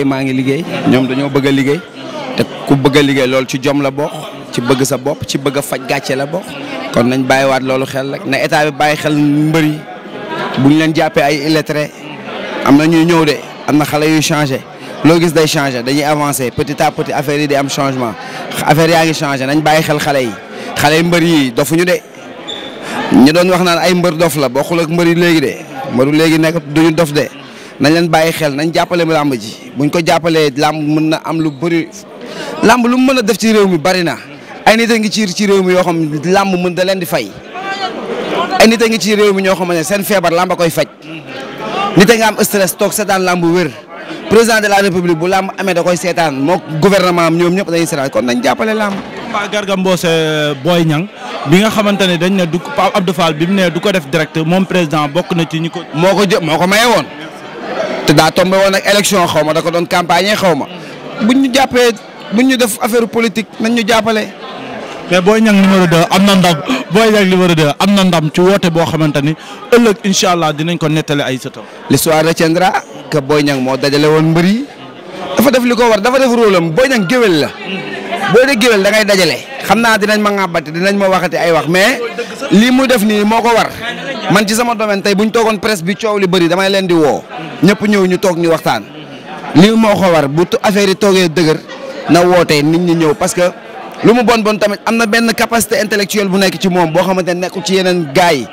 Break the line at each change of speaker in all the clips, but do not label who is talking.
tey maa ngi liggéey ñoom dañoo bëgg a liggéey te ku bëgg a liggéey loolu ci jom la bokk ci bëgg sa bopp ci bëgg a faj gàcce la bokk kon nañ waat loolu xel rek na état bi bàyyi xel mbër yi buñ leen jàppee ay illettré am na ñuy ñëw de am na xale yuy changé loo gis day changé dañuy avancé petit à petit affaire yi di am changement affaire yaa ngi changé nañ bàyyi xel xale yi xale yi mbër yi dofuñu de ñu doon wax naan la ak mbër yi léegi dof de nañ leen bàyyi xel nañ jàppale làmb ji buñ ko jàppalee làmb mën na am lu bëri làmb lu mu mën a def ci réew mi bari na ay nit a ngi ci ci réew mi yoo xam làmb mën da leen di fay ay nit a ngi ci réew mi ñoo xam ne seen feebar làmb koy faj nit a am stress toog seetaan làmb wér président de la république bu làmb amee da koy seetaan moo gouvernement am ñoom ñëpp dañuy seetaan kon nañ jàppale làmb. Paa Garga Mbossé Boy Niang bi nga xamante ne dañ ne du Pape Abdou bi mu ne du ko def direct moom président bokk na ci ñi ko. moo ko jë moo ko maye woon. te daa tombé woon ak élection xaw ma da ko doon campagne xaw ma buñ ñu jàppee bu ñu def affaire politique nañ ñu jàppale. mais Boy Niang numéro 2 am na ndam Boy Niang numéro 2 am na ndam ci woote boo xamante ni ëllëg incha allah dinañ ko nettali ay sëtam. l'histoire retiendra que Boy Niang moo dajale woon mbër yi dafa def li ko war dafa def rôle am Boy Niang géwél la boo dee géwél da ngay dajale xam naa dinañ ma ŋàbbati dinañ ma waxati ay wax mais lii mu def nii moo ko war man ci sama domaine tey buñ toogoon presse bi coow ñëpp ñëw ñu toog ñu waxtaan lii moo ko war bu affaire yi toogee dëgër na wootee nit ñi ñëw parce que lu mu bon bon tamit am na benn capacité intellectuelle bu nekk ci moom boo xamante ne nekkul ci yeneen gars yi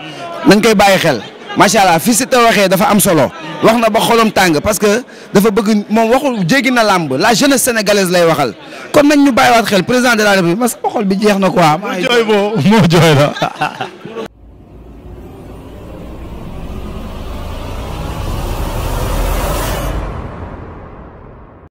nañ koy bàyyi xel macha allah fi si te waxee dafa am solo wax na ba xolom tàng parce que dafa bëgg moom waxul jéggi na làmb la jeunesse sénégalaise lay waxal kon nañ ñu bàyyiwaat xel président de la république parce que ba xol bi jeex na quoi. moo jooy boo moo jooy la.